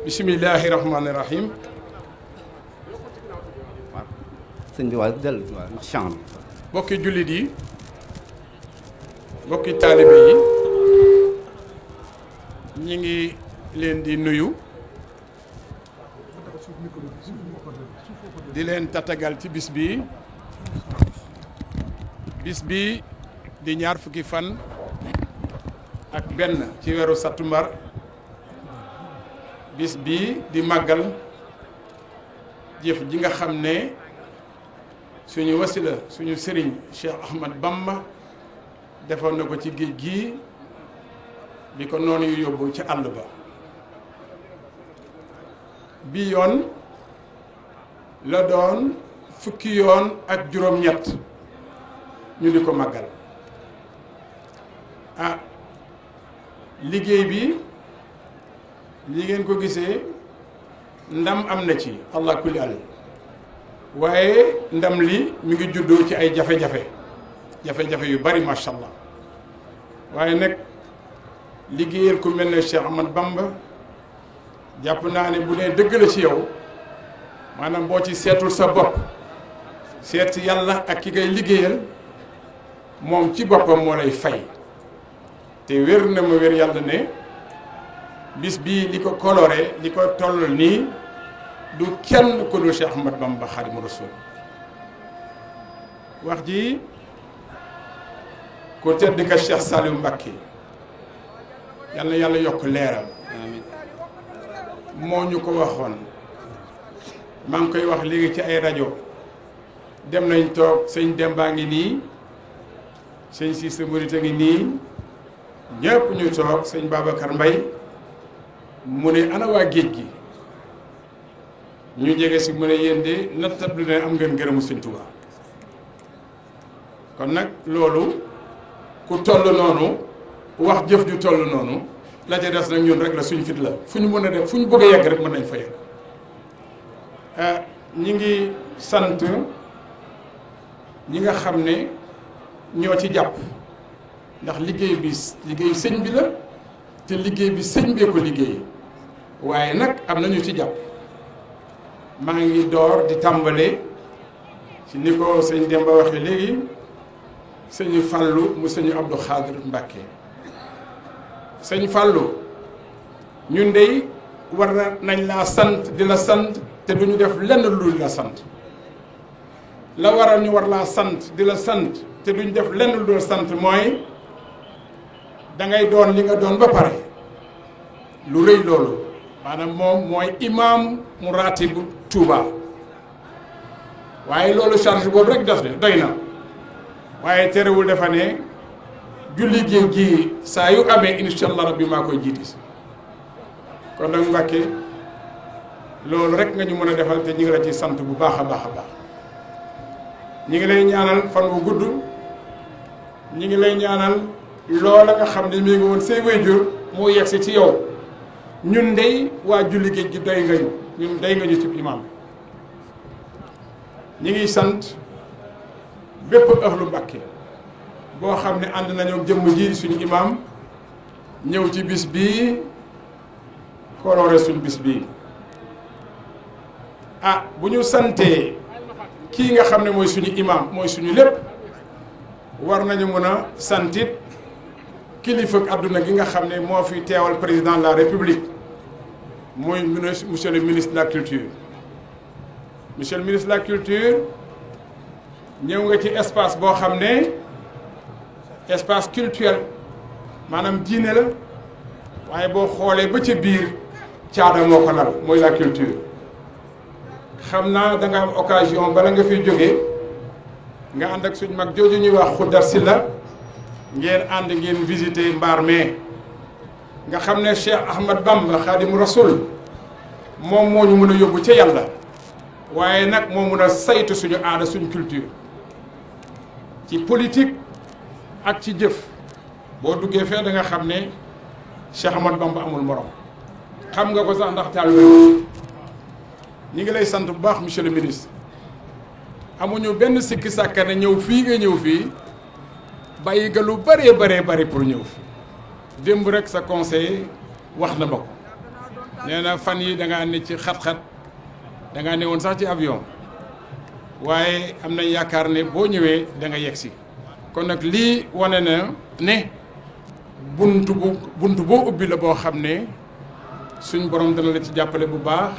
bisimilahi rahmaani rahim. sëñ jullit yi mbokki taalibe yi ñi ngi leen di nuyu di leen tatagal ci bis bi bis bi di ñaar fukki fan ak benn ci weeru sattumbar bis bii di màggal jëf ji nga xam ne suñu wasila suñu sëriñ Cheikh Ahmad Bamba defoon na ko ci géej gii bi ko noonu yu yóbbu ci àll ba bi yoon la doon fukki yoon ak juróom-ñett ñu di ko màggal ah, liggéey bi li ngeen ko gisee ndam am na ci allah kulli al waaye ndam li mi ngi juddoo ci ay jafe-jafe jafe-jafe yu bari macha allah waaye nag liggéeyal ku mel ne Cheikh Ahmad jàpp naa ne bu dee dëgg ci yow maanaam boo ci seetul sa bopp seet yàlla ak ki ngay liggéeyal moom ci boppam moo lay fay te wér na ma wér yàlla ne. bis bi li ko coloré li ko toll nii du kenn ku dul Cheikh Ahmad Bamba Xaadimu Rasuul wax ji ku tedd ka Cheikh Saliou Mbacké yal yàlla yokk leeram moo ñu ko waxoon maa ngi koy wax léegi ci ay rajo dem nañ toog sëñ Demba ngi nii sëñ Cissé Mouride ngi nii ñëpp ñu toog sëñ Babacar Mbaye mu ne ana waa géej gi ñu jege si mu ne yéen de nattabli ne am ngeen ngërëmu Sëñ tuba kon nag loolu ku toll noonu wax jëf ju toll noonu la ca des nag ñun rek la suñ fit la fu ñu mën a def fu bëgg a yegg rek mën nañ fa yegg ah, ñi ngi sant ñi nga xam ne ñoo ci jàpp ndax liggéey bi liggéey sëñ bi la te liggéey bi sëñ bee ko liggéey waaye nag am na ñu ci jàpp maa ngi door di tàmbale ci ni ko sëñ Demba waxee léegi sëñ Fallou mu sëñ Abdou Khadr Mbacké sëñ Fallou ñun dey war na nañ laa sant di la sant te duñu def lenn lu la sant la waral ñu war laa sant di la sant te duñu def lenn lu la sant mooy dangay doon li nga doon ba pare lu rëy loolu maanaam moom mooy imam mu bu Touba waaye loolu charge boobu rek des na doy na waaye terewul dafa ne julli géej gi saa yu amee incha allah rabbi maa koy jiiti si kon nag Mbàkke loolu rek nga ñu mën a defal te ñi ngi la ci sant bu baax a baax ñu ngi lay ñaanal fan wu gudd ñu ngi lay ñaanal loola nga xam ne mi ngi woon say wéyjur mu yegsi ci yow. ñun dey waa julli géej gi day nga ñu ñun doy nga ñu ci imaam ñi ngi sant bépp ahlu Mbàkke boo xam ne ànd nañoo jëmm ji suñu imaam ñëw ci bis bii koloore suñu bis bii ah bu ñu santee kii nga xam ne mooy suñu imaam mooy suñu lépp war nañu mën a santit kilifa àdduna gi nga xam ne moo fi teewal président de la république muy monsieur le ministre de la culture monsieur le ministre de la culture ñëw nga ci espace boo xam ne espace culturel maanaam diine la waaye boo xoolee ba ca biir caada moo ko nal mooy la culture xam naa da nga am occasion bala nga fiy jógee nga ànd ak suñ mag jooju ñuy wax Khoudar Sylla ngeen ànd ngeen visiter mbaar mee nga xam ne Cheikh Ahmad Bamba Xaadimu Rasul moom moo ñu mën a yóbbu ca yàlla waaye nag moo mën a saytu suñu aada suñu culture ci politique ak ci jëf boo duggee fee da nga xam ne Cheikh Ahmad Bamba amul morom xam nga ko sax ndax taal yooyu ñi ngi lay sant bu baax monsieur le ministre amuñu benn sikki sàkka ñëw fii nga ñëw fii bàyyi nga lu bëree bëree bëri pour ñëw fi rek sa conseiller wax na ma ko na fan yi da ngaa ne ci xat-xat da sax ci avion waaye am nañ yaakaar ne boo ñëwee da nga yegg kon na ne buntu bu buntu boo ubbi la boo xam suñ borom dana la ci jàppale bu baax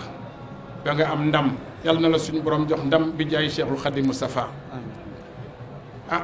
da nga am ndam na la suñ borom jox ndam bi jaay Cheikhul Khadim Moustapha ah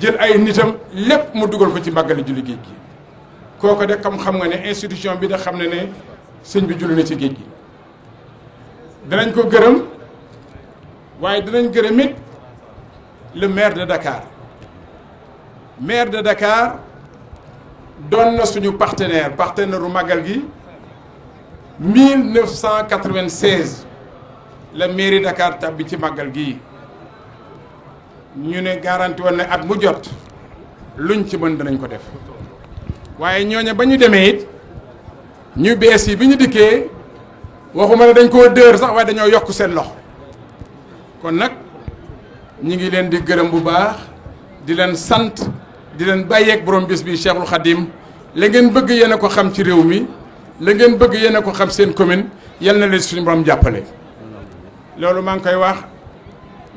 jël ay nitam lépp mu dugal ko ci màggali julli géej gi kooko de kam xam nga ne institution bi da xam ne ne sëñ bi julli na ci géej gi danañ ko gërëm waaye danañ gërëm it le maire de Dakar maire de Dakar doon na suñu partenaire partenaire u màggal gi 1996 la mairie Dakar tabbi ci màggal gi ñu ne garanti woon ne at mu jot luñ ci mën danañ ko def waaye ñooñe ba ñu demee it ñu bees yi bi ñu dikkee waxuma ne dañ koo dër sax waaye dañoo yokk seen loxo kon nag ñu ngi leen di gërëm bu baax di leen sant di leen bàyyeek borom bis bi Cheikhul Khadim la ngeen bëgg yéen a ko xam ci réew mi la ngeen bëgg yéen a ko xam seen commune yal na leen suñu borom jàppale loolu maa ngi koy wax.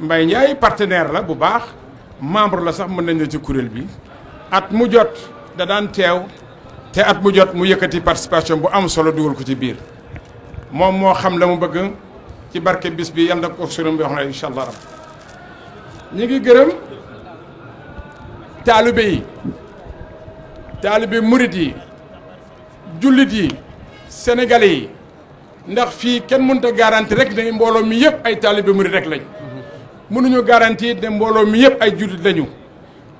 Mbaye Ndiaye partenaire la bu baax membre la sax mën nañ la ci kuréel bi at mu jot da daan teew te at mu jot mu yëkkati participation bu am solo dugal ko ci biir moom moo xam la mu bëgg ci barke bis bi yal na ko suñu bi wax na incha allah ñi ngi gërëm taalibe yi taalibe murit yi jullit yi sénégalais yi ndax fii kenn mënut a garanti rek ne mbooloo mi yëpp ay taalibe murit rek lañ. mënuñu garanti de mbooloo mi yëpp ay jullit lañu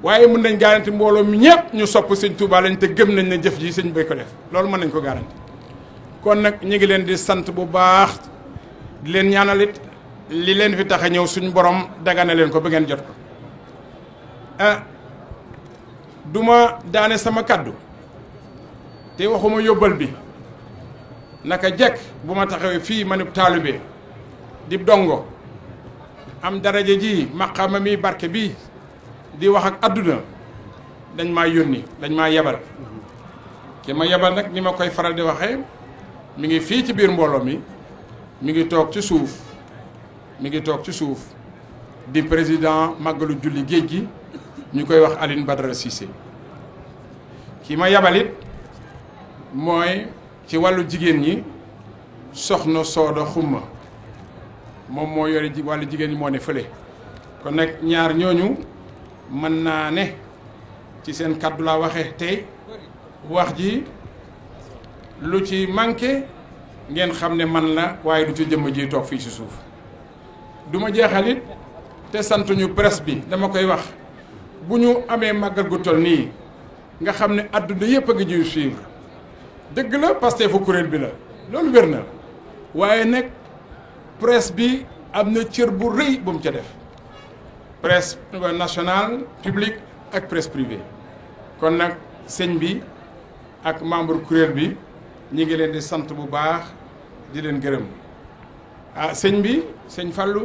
waaye mën nañ garanti mbooloo mi ñëpp ñu sopp sëñ Touba lañ te gëm nañ ne jëf ji sëñ bay ko def loolu mën nañ ko garanti kon nag ñu ngi leen di sant bu baax di leen ñaanalit li leen fi tax a ñëw suñ borom dagane leen ko ba ngeen jot ko ah du ma daane sama kàddu te waxuma yóbbal bi naka jekk bu ma taxawee fii ma ne taalibe di dongo am daraja ji maqaama mi barke bi di wax ak adduna dañ maa yónni dañ maa yebal ki ma yebal nag ni ma koy faral di waxee mi ngi fii ci biir mbooloo mi mu ngi toog ci suuf mi ngi toog ci suuf di président màggalu julli géej gi ñu koy wax Aline Badara Cissé ki ma yebal it mooy ci wàllu jigéen ñi soxna Sooda Xumma moom moo yore ji wàllu jigéen ñi moo ne fële kon nag ñaar ñooñu mën naa ne ci seen kàddu laa waxe tey wax ji lu ci manqué ngeen xam ne man la waaye du ci jëmm ji toog fii si suuf duma jeexal it te santuñu presse bi dama koy wax bu ñu amee màggal gu toll nii nga xam ne adduna yëpp a gi ji suivre dëgg la Pastef fu kuréel bi la loolu wér na waaye nag presse bi am na cër bu rëy bu mu ca def presse national public ak presse privée kon nag sëñ bi ak membre kuréel bi ñi ngi leen di sant bu baax di leen gërëm ah sëñ bi sëñ fallu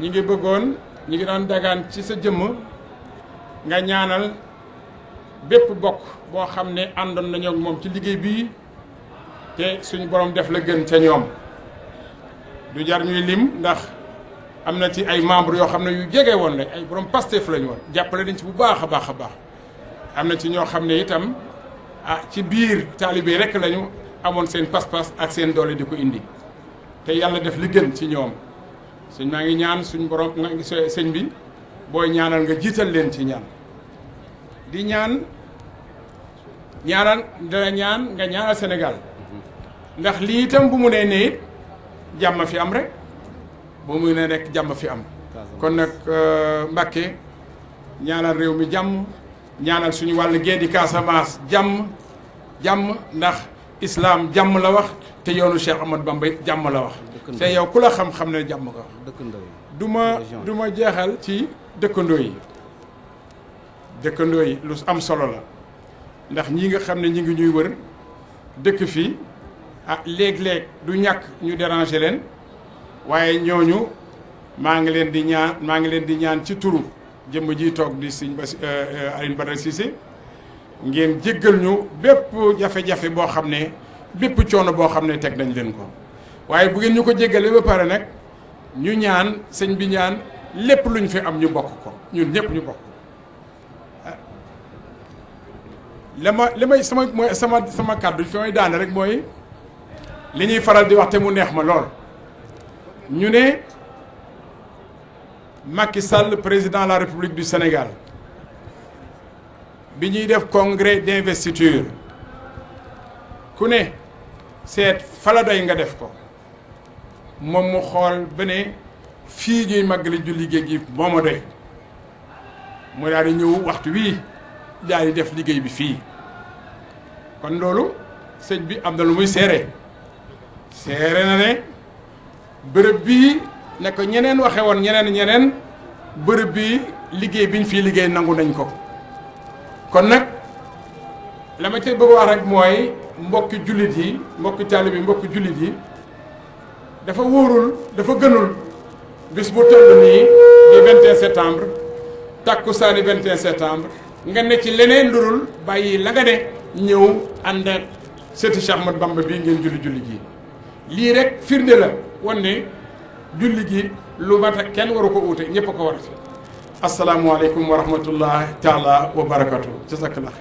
ñi ngi bëggoon ñi ngi daan dagaan ci sa jëmm nga ñaanal bépp bokk boo xam ne nañu ak moom ci liggéey bii te suñu borom def la gën ca ñoom du jar ñuy lim ndax am na ci ay membres yoo xam ne yu jege woon lañ ay borom Pastef lañu woon jàppale nañ ci bu baax a baax a baax am na ci ñoo xam ne itam ah ci biir taalibe rek lañu amoon seen pas-pas ak seen doole di ko indi te yàlla def li gën ci ñoom suñ maa ngi ñaan suñ borom maa ngi sëñ bi boo ñaanal nga jiital leen ci ñaan di ñaan ñaanal dana ñaan nga ñaanal Sénégal mhm. ndax lii itam bu mu nee ne jàmm fi am rek boo muy ne nekk jàmm fi am kon nag euh, mbakke ñaanal réew mi jàmm ñaanal suñu wàll gee di Casamance jàmm jàmm ndax islaam jàmm la wax te yoonu Cheikh Ahmad Bamba jàmm la wax te yow ku la xam-xam ne jàmm ko wax du ma du ma jeexal ci dëkkandoo yi dëkkandoo yi lu am solo la ndax ñi nga xam ne ñi ngi ñuy wër dëkk fii ah léeg-léeg du ñàkk ñu derange leen waaye ñooñu maa ngi leen di ñaan maa ngi leen di ñaan ci turu jëmm ji toog di Sëriñ Bass euh, euh, Alioune Badara Cissé ngeen jéggal ñu bépp jafe-jafe boo xam ne bépp coono boo xam ne teg nañ leen ko waaye bu ngeen ñu ko jéggalee ba pare nag ñu ñaan sëñ bi ñaan lépp luñ fi am ñu bokk ko ñun ñëpp ñu bokk ah. la ma li may sama mooy sama sama kàddu fi may daane rek mooy li ñuy faral di wax te mu neex ma Macky Sall président de la République du Sénégal Nous ñuy def congrès d'investiture ku ne fala doy nga def ko moom mu xool ba ne ñuy gi moo doy mu daal ñëw waxtu def liggéey bi fii kon loolu sëñ bi seere na ne bërëb bii ne ko ñeneen waxe woon ñeneen ñeneen bërëb bi liggéey biñ fii liggéey nangu nañ ko kon nag la ma ci bëgg wax rek mooy mbokki jullit yi mbokki taalibe yi mbokki jullit yi dafa wóorul dafa gënul bis bu toll nii di 21 septembre tàkkusaani 21 septembre nga ne ci leneen lu bàyyi la ñëw ànd ak sëti Cheikh Ahmadou Bamba bii ngeen julli julli ji lii rek firnde la wan ne julli gi lu mat ak kenn waru ko uute ñëpp ko war a asalaamualeykum wa rahmatullah taala wa barakatuh